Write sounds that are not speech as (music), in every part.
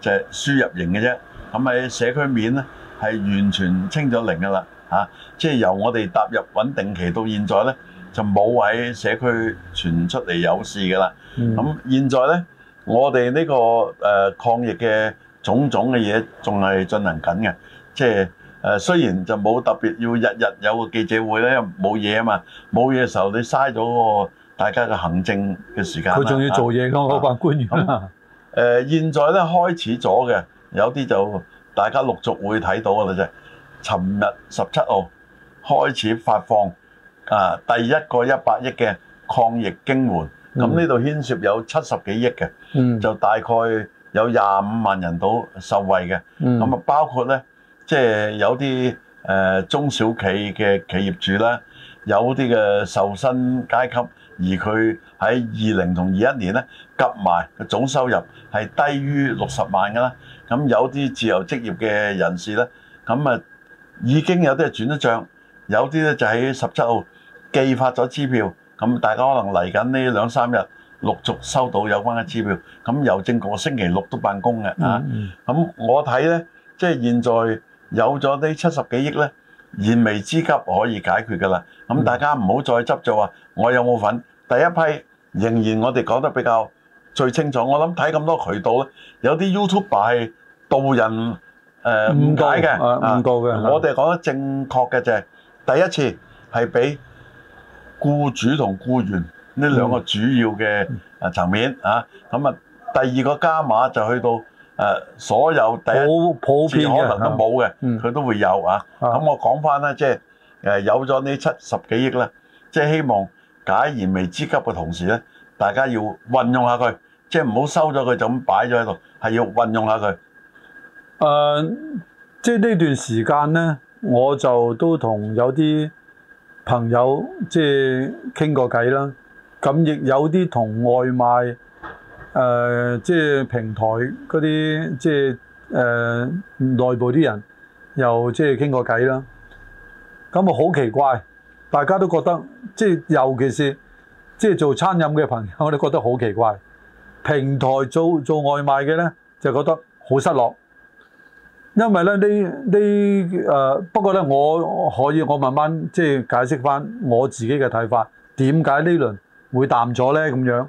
就係輸入型嘅啫，咁喺社區面咧係完全清咗零噶啦、啊、即係由我哋踏入穩定期到現在咧就冇喺社區傳出嚟有事噶啦。咁、嗯、現在咧我哋呢、呢個誒、呃、抗疫嘅種種嘅嘢仲係進行緊嘅，即係誒、呃、雖然就冇特別要日日有個記者會咧，冇嘢啊嘛，冇嘢嘅時候你嘥咗個大家嘅行政嘅時間。佢仲要做嘢㗎，啊、我講緊官員、啊。嗯 (laughs) 誒，現在咧開始咗嘅，有啲就大家陸續會睇到嘅啦啫。尋日十七號開始發放啊，第一個一百億嘅抗疫經援，咁呢度牽涉有七十幾億嘅，嗯、就大概有廿五萬人度受惠嘅。咁啊，包括咧即係有啲誒中小企嘅企業主咧。有啲嘅受薪階級，而佢喺二零同二一年咧，夾埋個總收入係低於六十萬㗎啦。咁有啲自由職業嘅人士咧，咁啊已經有啲係轉咗帳，有啲咧就喺十七號寄發咗支票。咁大家可能嚟緊呢兩三日，陸續收到有關嘅支票。咁郵政局星期六都辦公嘅啊。咁我睇咧，即係現在有咗啲七十幾億咧。燃眉之急可以解決㗎啦，咁大家唔好再執著話我有冇份。嗯、第一批仍然我哋講得比較最清楚，我諗睇咁多渠道咧，有啲 YouTuber 係導人誒、呃、誤解嘅，誤導嘅。啊嗯、我哋講得正確嘅就係第一次係俾僱主同僱員呢兩個主要嘅層面、嗯嗯、啊，咁啊第二個加碼就去到。誒，所有第一，普遍嘅，可能都冇嘅，佢都會有啊。咁我講翻咧，即係誒有咗呢七十幾億咧，即係希望解燃眉之急嘅同時咧，大家要運用下佢，即係唔好收咗佢就咁擺咗喺度，係要運用下佢。誒，即係呢段時間咧，我就都同有啲朋友即係傾過偈啦，咁亦有啲同外賣。誒即係平台嗰啲，即係誒內部啲人又即係傾個偈啦，咁啊好奇怪！大家都覺得即係，就是、尤其是即係、就是、做餐飲嘅朋友，我都覺得好奇怪。平台做做外賣嘅咧，就覺得好失落，因為咧呢呢誒、呃、不過咧，我可以我慢慢即係解釋返我自己嘅睇法，點解呢輪會淡咗咧咁樣？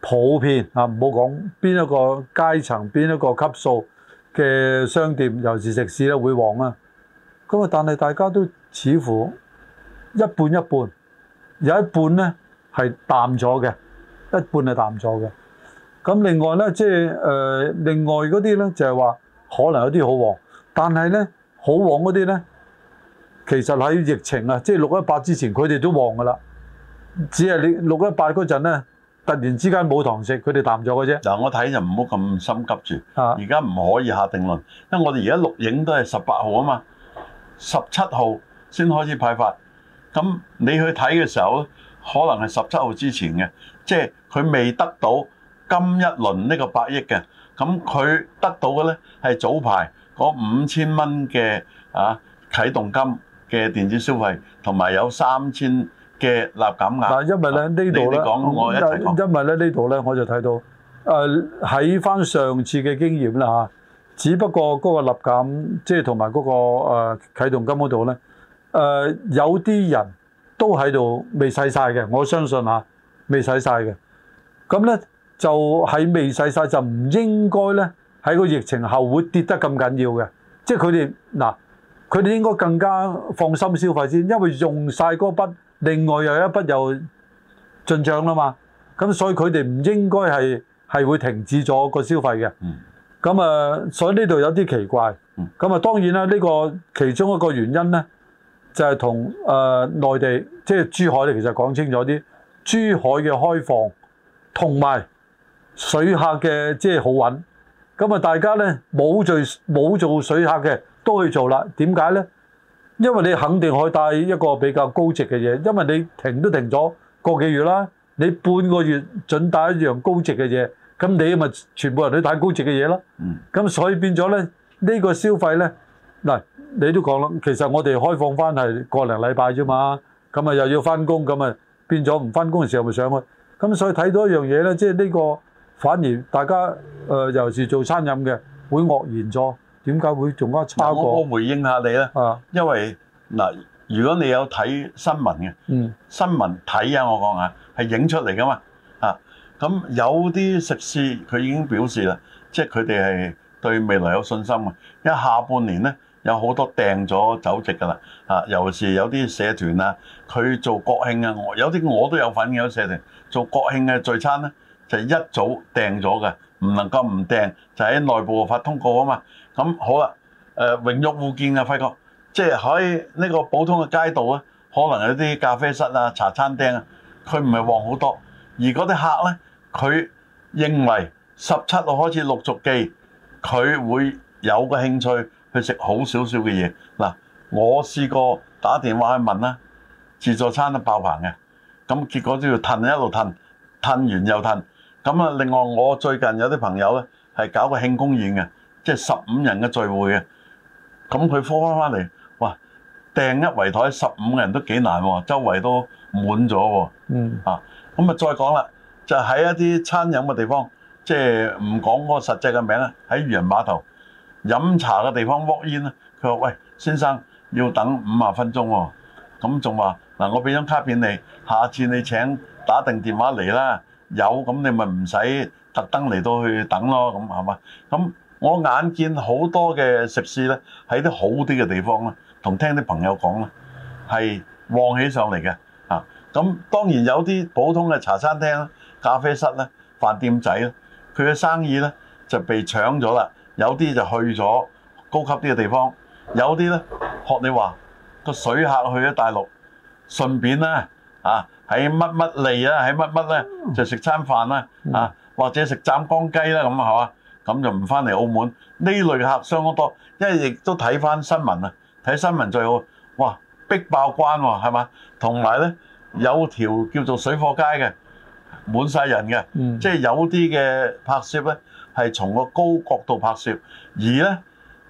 普遍啊，唔好講邊一個階層、邊一個級數嘅商店，尤其是食肆咧，會旺啊。咁啊，但係大家都似乎一半一半，有一半咧係淡咗嘅，一半係淡咗嘅。咁另外咧，即係誒，另外嗰啲咧就係話可能有啲好旺，但係咧好旺嗰啲咧，其實喺疫情啊，即係六一八之前佢哋都旺噶啦，只係你六一八嗰陣咧。突然之間冇堂食，佢哋淡咗嘅啫。嗱、呃，我睇就唔好咁心急住。而家唔可以下定論，因為我哋而家錄影都係十八號啊嘛，十七號先開始派發。咁你去睇嘅時候，可能係十七號之前嘅，即係佢未得到今一輪呢個百億嘅。咁佢得到嘅咧係早排嗰五千蚊嘅啊啟動金嘅電子消費，同埋有三千。嘅立減㗎，但係因為咧呢度咧，因為咧呢度咧，我就睇到，誒喺翻上次嘅經驗啦嚇，只不過嗰個立減即係同埋嗰個誒啟動金嗰度咧，誒有啲人都喺度未使曬嘅，我相信嚇未使曬嘅，咁咧就喺未使曬就唔應該咧喺個疫情後會跌得咁緊要嘅，即係佢哋嗱，佢哋應該更加放心消費先，因為用曬嗰筆。另外又一筆又進帳啦嘛，咁所以佢哋唔應該係係會停止咗個消費嘅。咁啊，所以呢度有啲奇怪。咁啊，當然啦，呢個其中一個原因呢，就係同誒內地，即係珠海，其實講清楚啲，珠海嘅開放同埋水客嘅即係好穩。咁啊，大家呢，冇做冇做水客嘅都去做啦。點解呢？因為你肯定可以帶一個比較高值嘅嘢，因為你停都停咗個幾月啦，你半個月準帶一樣高值嘅嘢，咁你咪全部人都帶高值嘅嘢咯。咁、嗯、所以變咗咧，呢、這個消費呢，嗱你都講啦，其實我哋開放翻係個零禮拜啫嘛，咁、嗯、啊又要翻工，咁、嗯、啊變咗唔翻工嘅時候咪上去，咁所以睇到一樣嘢呢，即係呢、這個反而大家誒尤其、呃、是做餐飲嘅會愕然咗。點解會做？加差過？我回應下你咧，啊、因為嗱，如果你有睇新聞嘅，嗯、新聞睇啊，我講下係影出嚟噶嘛啊，咁有啲食肆佢已經表示啦，即係佢哋係對未來有信心啊，因為下半年咧有好多訂咗酒席噶啦啊，尤其是有啲社團啊，佢做國慶啊，我有啲我都有份嘅，有社團做國慶嘅聚餐咧，就一早訂咗嘅，唔能夠唔訂，就喺內部發通告啊嘛。咁好啦，誒、呃，榮辱互見啊，輝哥，即係喺呢個普通嘅街道咧，可能有啲咖啡室啊、茶餐廳啊，佢唔係旺好多，而嗰啲客咧，佢認為十七號開始陸續記，佢會有個興趣去食好少少嘅嘢。嗱，我試過打電話去問啦，自助餐都爆棚嘅，咁結果都要褪一路褪，褪完又褪。咁啊，另外我最近有啲朋友咧係搞個慶功宴嘅。即係十五人嘅聚會嘅，咁佢 call 翻翻嚟，哇，訂一圍台十五人都幾難喎，周圍都滿咗喎。嗯啊，咁啊再講啦，就喺、是、一啲餐飲嘅地方，即係唔講嗰個實際嘅名啦，喺漁人碼頭飲茶嘅地方 walk in 啦，佢話喂先生要等五、哦、十分鐘喎，咁仲話嗱我俾張卡片你，下次你請打定電話嚟啦，有咁你咪唔使特登嚟到去等咯，咁係嘛？咁我眼見好多嘅食肆咧，喺啲好啲嘅地方咧，同聽啲朋友講係旺起上嚟嘅啊！咁當然有啲普通嘅茶餐廳啦、咖啡室啦、飯店仔啦，佢嘅生意咧就被搶咗啦。有啲就去咗高級啲嘅地方，有啲咧學你話個水客去咗大陸，順便咧啊喺乜乜嚟啊喺乜乜咧就食餐飯啦啊，或者食湛江雞啦咁係嘛～咁就唔翻嚟澳門，呢類客相當多，因為亦都睇翻新聞啊。睇新聞最好，哇逼爆關喎，啊，係嘛？同埋咧有條叫做水貨街嘅滿晒人嘅，嗯、即係有啲嘅拍攝咧係從個高角度拍攝，而咧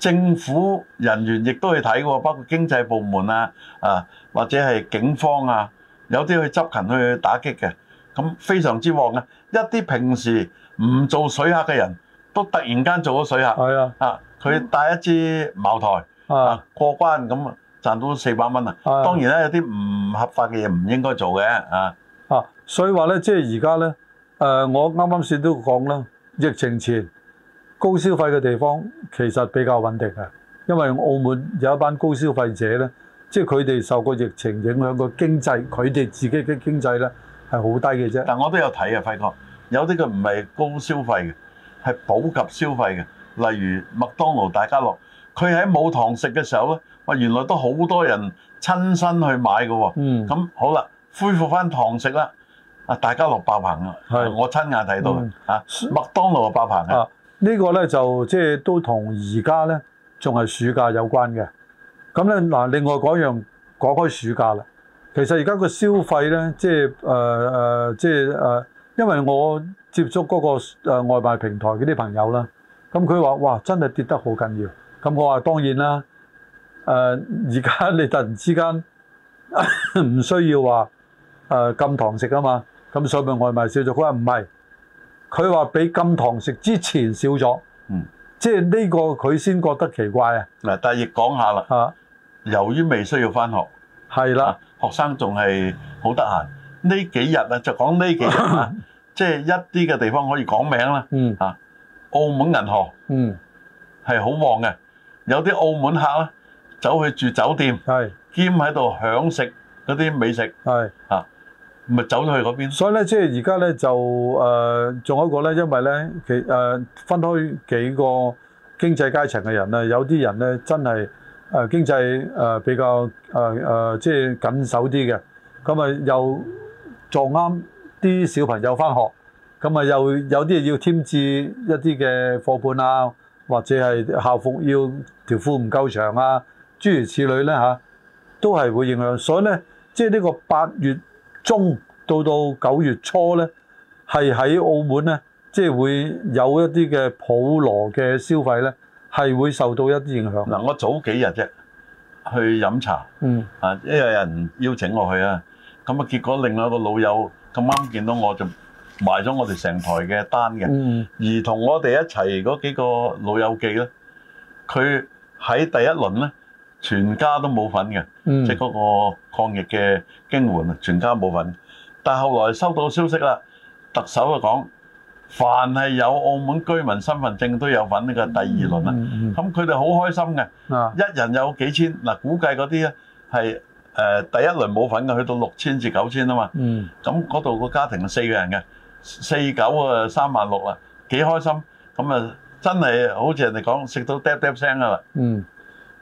政府人員亦都去睇嘅，包括經濟部門啊啊或者係警方啊，有啲去執勤去打擊嘅，咁非常之旺啊，一啲平時唔做水客嘅人。都突然間做咗水客，係啊，啊佢帶一支茅台啊過關咁賺到四百蚊啊！當然咧，有啲唔合法嘅嘢唔應該做嘅啊啊！所以話咧，即係而家咧，誒、呃、我啱啱先都講啦，疫情前高消費嘅地方其實比較穩定嘅，因為澳門有一班高消費者咧，即係佢哋受過疫情影響個經濟，佢哋自己嘅經濟咧係好低嘅啫。但我都有睇啊，輝哥，有啲佢唔係高消費嘅。係普及消費嘅，例如麥當勞、大家樂，佢喺冇堂食嘅時候咧，哇，原來都好多人親身去買嘅喎。嗯。咁好啦，恢復返堂食啦，啊大家樂爆棚啊，是我親眼睇到、嗯、啊，麥當勞又爆棚啊，這個就是、呢個咧就即係都同而家咧仲係暑假有關嘅。咁咧嗱，另外嗰樣講開、那個、暑假啦，其實而家個消費咧，即係誒誒即係誒。呃因為我接觸嗰個外賣平台嗰啲朋友啦，咁佢話：哇，真係跌得好緊要！咁我話當然啦。誒、呃，而家你突然之間唔 (laughs) 需要話誒、呃、禁堂食啊嘛，咁所以咪外賣少咗。佢話唔係，佢話比禁堂食之前少咗。嗯，即係呢個佢先覺得奇怪啊。嗱，但係亦講下啦。啊，由於未需要返學，係啦的、啊，學生仲係好得閒。呢幾日啊，就講呢幾日啊，即係一啲嘅地方可以講名啦。嗯。啊，澳門銀河嗯係好旺嘅，有啲澳門客啦，走去住酒店，係兼喺度享食嗰啲美食，係啊，咪走去嗰邊。所以咧，即係而家咧就誒，仲有一個咧，因為咧其誒分開幾個經濟階層嘅人啊，有啲人咧真係誒經濟誒比較誒誒即係緊守啲嘅，咁啊又。撞啱啲小朋友翻學，咁啊又有啲要添置一啲嘅課本啊，或者係校服要條褲唔夠長啊，諸如此類咧吓，啊，都係會影響。所以咧，即係呢個八月中到到九月初咧，係喺澳門咧，即係會有一啲嘅普羅嘅消費咧，係會受到一啲影響。嗱，我早幾日啫去飲茶，嗯啊，有人邀請我去啊。咁啊！結果另外一個老友咁啱見到我，就埋咗我哋成台嘅單嘅。而同我哋一齊嗰幾個老友記咧，佢喺第一輪咧全家都冇份嘅，即係嗰個抗疫嘅經援啊，全家冇份。但係後來收到消息啦，特首就講：凡係有澳門居民身份證都有份呢個第二輪啦。咁佢哋好開心嘅，一人有幾千嗱，估計嗰啲咧係。誒第一輪冇份嘅，去到六千至九千啊嘛，嗯，咁嗰度個家庭四個人嘅，四九啊三萬六啊，幾開心，咁啊真係好似人哋講食到嗒嗒聲㗎喇，嗯，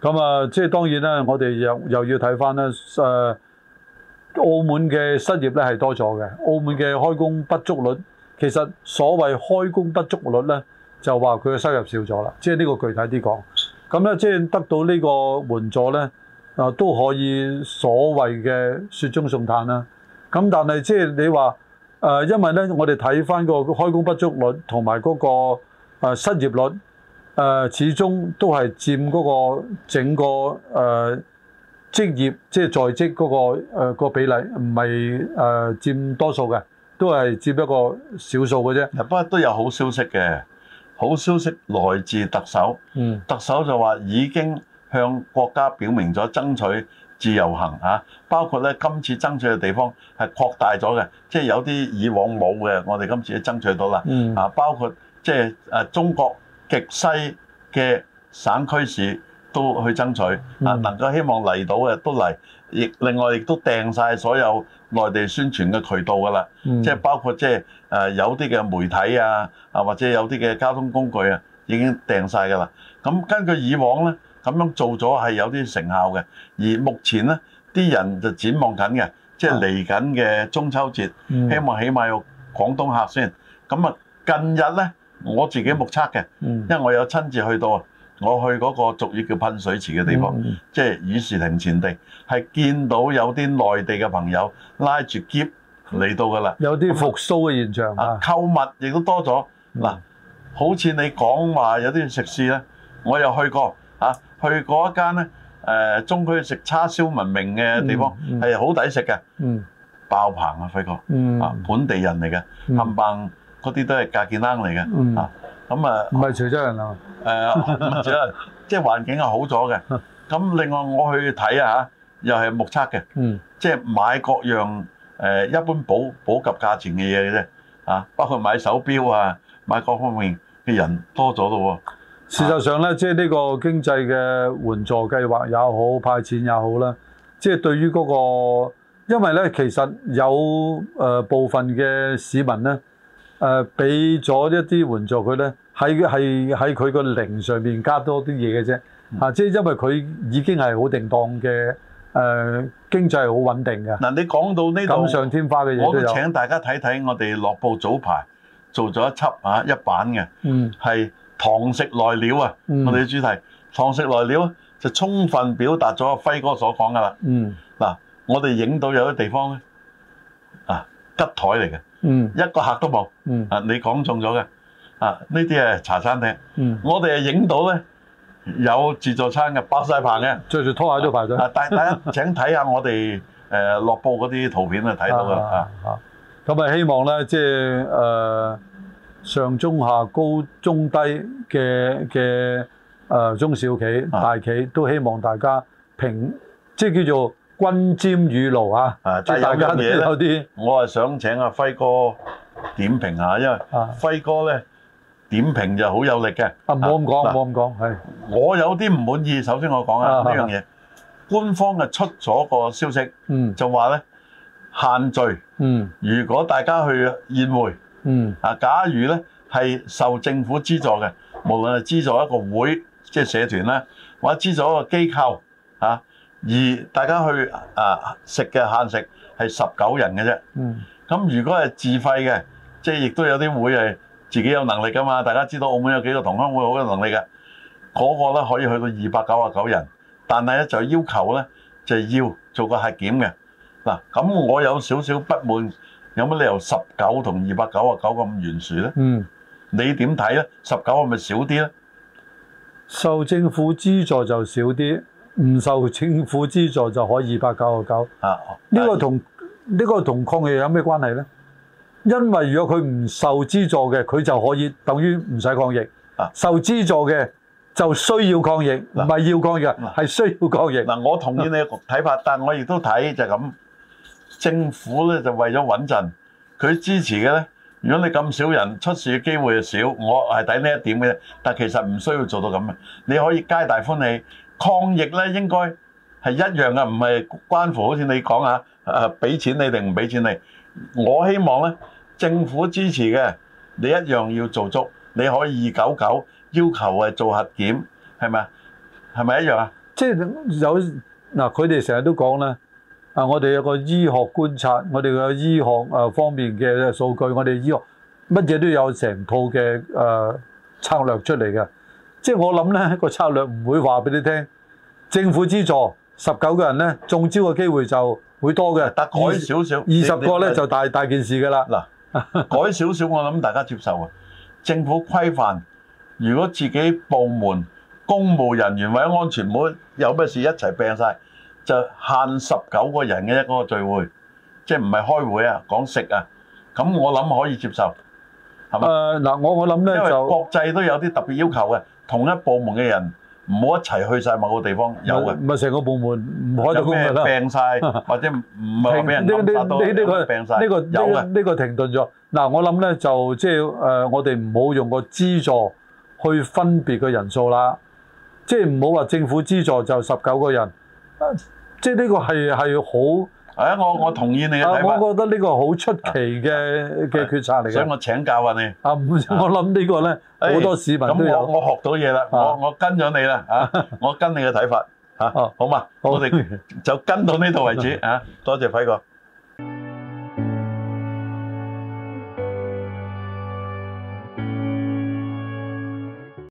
咁啊即係當然啦，我哋又又要睇翻咧，誒澳門嘅失業咧係多咗嘅，澳門嘅開工不足率，其實所謂開工不足率咧，就話佢嘅收入少咗啦，即係呢個具體啲講，咁咧即係得到呢個援助咧。啊都可以所謂嘅雪中送炭啦、啊，咁但係即係你話誒，因為咧，我哋睇返個開工不足率同埋嗰個失業率誒、呃，始終都係佔嗰個整個誒、呃、職業即係在職嗰、嗰個誒、呃、比例，唔係誒佔多數嘅，都係佔一個少數嘅啫。不過都有好消息嘅，好消息來自特首。嗯，特首就話已經。向國家表明咗爭取自由行吓，包括咧今次爭取嘅地方係擴大咗嘅，即係有啲以往冇嘅，我哋今次都爭取到啦。啊，嗯、包括即係中國極西嘅省區市都去爭取啊，嗯、能夠希望嚟到嘅都嚟，亦另外亦都訂晒所有內地宣傳嘅渠道噶啦，即係、嗯、包括即係有啲嘅媒體啊，啊或者有啲嘅交通工具啊已經訂晒噶啦。咁根據以往咧。咁樣做咗係有啲成效嘅，而目前呢啲人就展望緊嘅，即係嚟緊嘅中秋節，希望起碼有廣東客先。咁啊，近日呢我自己目測嘅，因為我有親自去到啊，我去嗰個俗語叫噴水池嘅地方，即係議事亭前地，係見到有啲內地嘅朋友拉住篋嚟到㗎喇，有啲復甦嘅現象啊，購物亦都多咗嗱。好似你講話有啲食肆呢，我又去過啊。去嗰一間咧，誒中區食叉燒聞名嘅地方，係好抵食嘅，爆棚啊，輝哥，啊本地人嚟嘅，冚唪唥嗰啲都係價健生嚟嘅，啊咁啊，唔係潮州人啊，誒唔係潮州，即係環境係好咗嘅。咁另外我去睇下啊，又係目測嘅，即係買各樣誒一般保保級價錢嘅嘢嘅啫，啊包括買手錶啊，買各方面嘅人多咗咯喎。事實上咧，即係呢個經濟嘅援助計劃也好，派錢也好啦，即、就、係、是、對於嗰、那個，因為咧其實有誒、呃、部分嘅市民咧，誒俾咗一啲援助佢咧，喺係喺佢個零上面加多啲嘢嘅啫，即係、嗯啊就是、因為佢已經係好定當嘅誒經濟係好穩定嘅。嗱，你講到呢度，錦上添花嘅嘢都有。我哋請請大家睇睇我哋《樂報早排做咗一輯一版嘅，嗯，係。堂食來料啊！我哋嘅主題，嗯、堂食來料就充分表達咗阿輝哥所講噶啦。嗯，嗱、啊，我哋影到有啲地方咧，啊，吉台嚟嘅，嗯，一個客都冇，嗯，啊，你講中咗嘅，啊，呢啲係茶餐廳，嗯，我哋係影到咧有自助餐嘅，擺曬盤嘅，著住拖鞋都擺咗。啊，大家請睇下我哋誒落播嗰啲圖片啊，睇到噶啦吓。咁啊，希望咧，即係誒。呃上中下高中低嘅嘅誒中小企大企都希望大家平，即係叫做均沾雨露啊！啊，即係大家都有啲。我係想請阿輝哥點評下，因為輝哥咧點評就好有力嘅。啊，唔好咁講，唔好咁講，係。我有啲唔滿意，首先我講啊，呢樣嘢，官方啊出咗個消息，嗯，就話咧限聚，嗯，如果大家去宴會。嗯啊，假如咧係受政府資助嘅，無論係資助一個會即係、就是、社團咧，或者資助一個機構嚇、啊，而大家去啊食嘅限食係十九人嘅啫。嗯，咁如果係自費嘅，即係亦都有啲會係自己有能力噶嘛。大家知道澳門有幾個同鄉會好有能力嘅，嗰、那個咧可以去到二百九十九人，但係咧就要求咧就是、要做個核檢嘅嗱。咁我有少少不滿。有乜理由十九同二百九啊九咁懸殊咧？嗯，你點睇咧？十九係咪少啲咧？受政府資助就少啲，唔受政府資助就可以二百九啊九。啊，呢個同呢個同抗疫有咩關係咧？因為如果佢唔受資助嘅，佢就可以等於唔使抗疫；啊、受資助嘅就需要抗疫，唔係、啊、要抗疫，係、啊、需要抗疫。嗱、啊，我同意你個睇法，啊、但我亦都睇就係咁。政府咧就為咗穩陣，佢支持嘅咧，如果你咁少人出事嘅機會就少，我係抵呢一點嘅。但其實唔需要做到咁嘅，你可以皆大歡喜。抗疫咧應該係一樣嘅，唔係關乎好似你講啊，誒俾錢你定唔俾錢你。我希望咧政府支持嘅，你一樣要做足，你可以二九九要求係做核檢，係咪？係咪一樣啊？即係有嗱，佢哋成日都講啦。啊！我哋有個醫學觀察，我哋嘅醫學啊方面嘅數據，我哋醫學乜嘢都有成套嘅誒策略出嚟嘅。即係我諗咧，個策略唔會話俾你聽。政府資助十九個人咧中招嘅機會就會多嘅，但係改少少二十個咧就大大件事㗎啦。嗱，改少少我諗大家接受啊。政府規範，如果自己部門公務人員或者安全部有咩事一齊病曬。就限十九個人嘅一個聚會，即係唔係開會啊，講食啊，咁我諗可以接受，係嘛？誒嗱、呃，我我諗咧就國際都有啲特別要求嘅，同一部門嘅人唔好一齊去晒某個地方有嘅。唔係成個部門唔可以咁樣病晒，啊、或者唔係俾人攬呢個停停病曬，呢、呢個有嘅的。呢、呢個呢個停頓咗。嗱、呃，我諗咧就即係誒，我哋唔好用個資助去分別個人數啦，即係唔好話政府資助就十九個人。啊。即係呢個係係好，誒！我我同意你嘅睇法。我覺得呢個好出奇嘅嘅決策嚟嘅。所以我請教下你。啊，我諗呢個咧好多市民都有咁、哎、我我學到嘢啦，我我跟咗你啦嚇，我跟你嘅睇 (laughs) 法嚇。好嘛， (laughs) 我哋就跟到呢度為止啊！多謝輝哥。